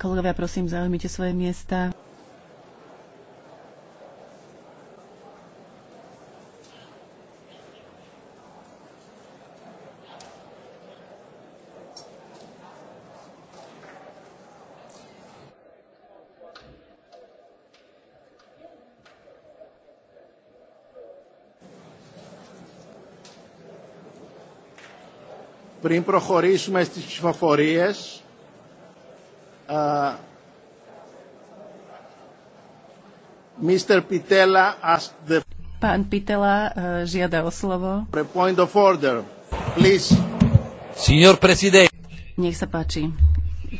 Kolegovia, prosím, zaujímite svoje miesta. Πριν προχωρήσουμε στις ψηφοφορίες, Mr. Pitella asked the... Pán Pitela uh, e, žiada o slovo. Point of order, please. Signor Presidente. Nech sa páči.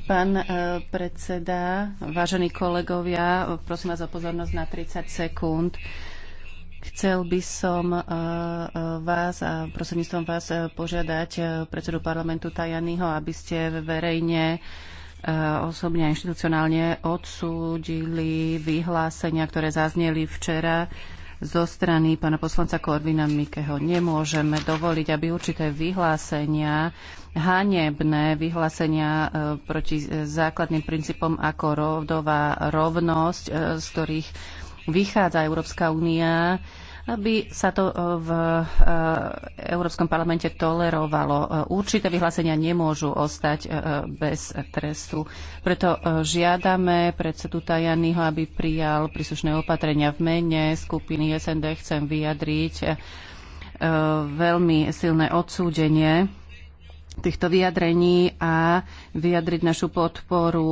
Pán uh, predseda, vážení kolegovia, prosím vás o pozornosť na 30 sekúnd. Chcel by som e, vás a prostredníctvom vás požiadať predsedu parlamentu Tajaniho, aby ste verejne E, osobne a inštitucionálne odsúdili vyhlásenia, ktoré zazneli včera zo strany pána poslanca Korvina Mikeho. Nemôžeme dovoliť, aby určité vyhlásenia, hanebné vyhlásenia e, proti základným princípom ako rodová rovnosť, e, z ktorých vychádza Európska únia, aby sa to e, v e, Európskom parlamente tolerovalo. E, určité vyhlásenia nemôžu ostať bez trestu. Preto žiadame predsedu Tajanyho, aby prijal príslušné opatrenia v mene skupiny SND. Chcem vyjadriť veľmi silné odsúdenie týchto vyjadrení a vyjadriť našu podporu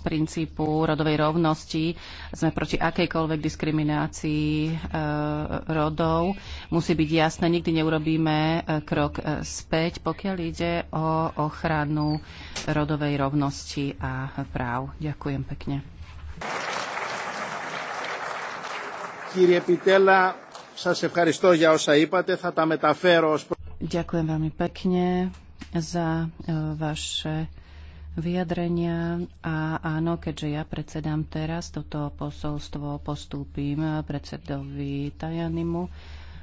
princípu rodovej rovnosti. Sme proti akejkoľvek diskriminácii e, rodov. Musí byť jasné, nikdy neurobíme e, krok e, späť, pokiaľ ide o ochranu rodovej rovnosti a práv. Ďakujem pekne. Ďakujem veľmi pekne za vaše vyjadrenia. A áno, keďže ja predsedám teraz, toto posolstvo postúpim predsedovi Tajanimu.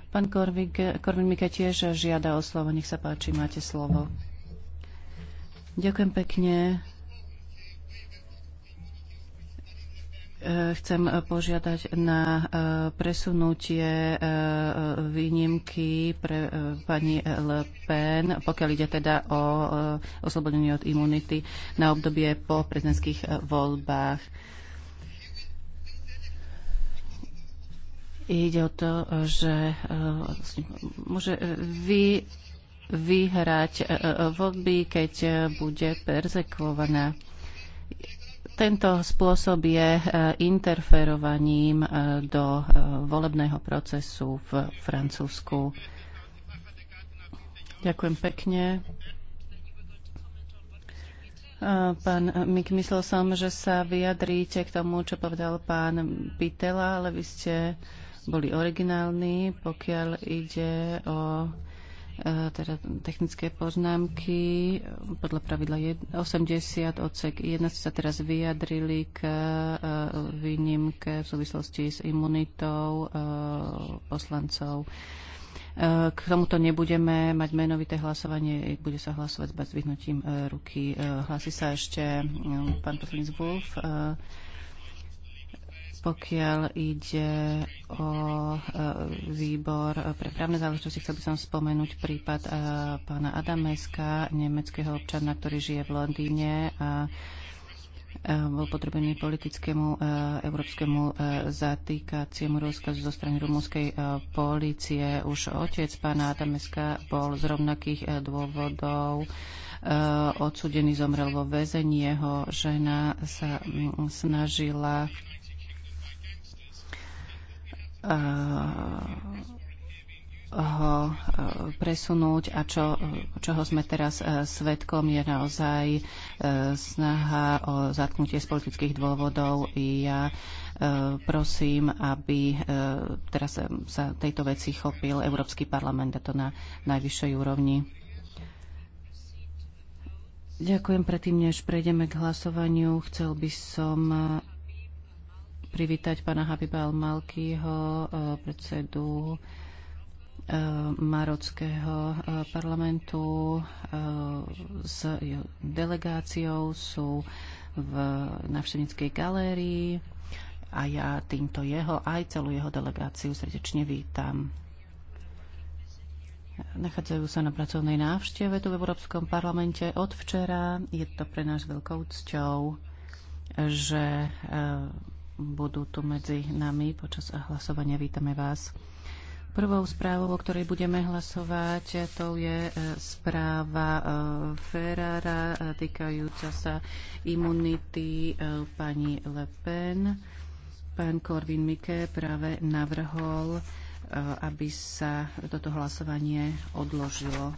Pán Korvin Mika tiež žiada o slovo. Nech sa páči, máte slovo. Ďakujem pekne. Chcem požiadať na eh, presunutie eh, výnimky pre eh, pani Le Pen, pokiaľ ide teda o oslobodenie od imunity na obdobie po prezidentských voľbách. Ide o to, že môže vy vyhrať voľby, keď bude persekvovaná. Tento spôsob je e, interferovaním e, do e, volebného procesu v Francúzsku. Ďakujem pekne. Pán Mik, myslel som, že sa vyjadríte k tomu, čo povedal pán Pitela, ale vy ste boli originálni, pokiaľ ide o E, teda technické poznámky podľa pravidla 80 odsek 1 ste sa teraz vyjadrili k e, výnimke v súvislosti s imunitou e, poslancov. K tomuto nebudeme mať menovité hlasovanie, bude sa hlasovať s zdvihnutím ruky. Hlasí sa ešte pán poslanec Wolf. Pokiaľ ide o e, výbor pre právne záležitosti, chcel by som spomenúť prípad e, pána Adameska, nemeckého občana, ktorý žije v Londýne a e, bol potrebený politickému európskemu zatýkaciemu rozkazu zo strany rumúnskej polície. Už otec pána Adameska bol z rovnakých dôvodov odsudený, zomrel vo väzení. Jeho žena sa snažila Eh, ho eh, presunúť a čo, eh, čoho sme teraz svetkom je naozaj snaha o zatknutie z politických dôvodov. Ja prosím, aby teraz sa tejto veci chopil Európsky parlament a to na najvyššej úrovni. Ďakujem. Predtým, než prejdeme k hlasovaniu, chcel by som privítať pána Habiba malkyho e, predsedu e, Marockého e, parlamentu s delegáciou sú v návštevníckej galérii a ja týmto jeho aj celú jeho delegáciu srdečne vítam. Nachádzajú sa na pracovnej návšteve tu v Európskom parlamente od včera. Je to pre nás veľkou cťou, že budú tu medzi nami počas hlasovania. Vítame vás. Prvou správou, o ktorej budeme hlasovať, to je e, správa e, Ferrara e, týkajúca sa imunity pani Le Pen. Pán Corvin Mike práve navrhol, aby sa toto hlasovanie odložilo.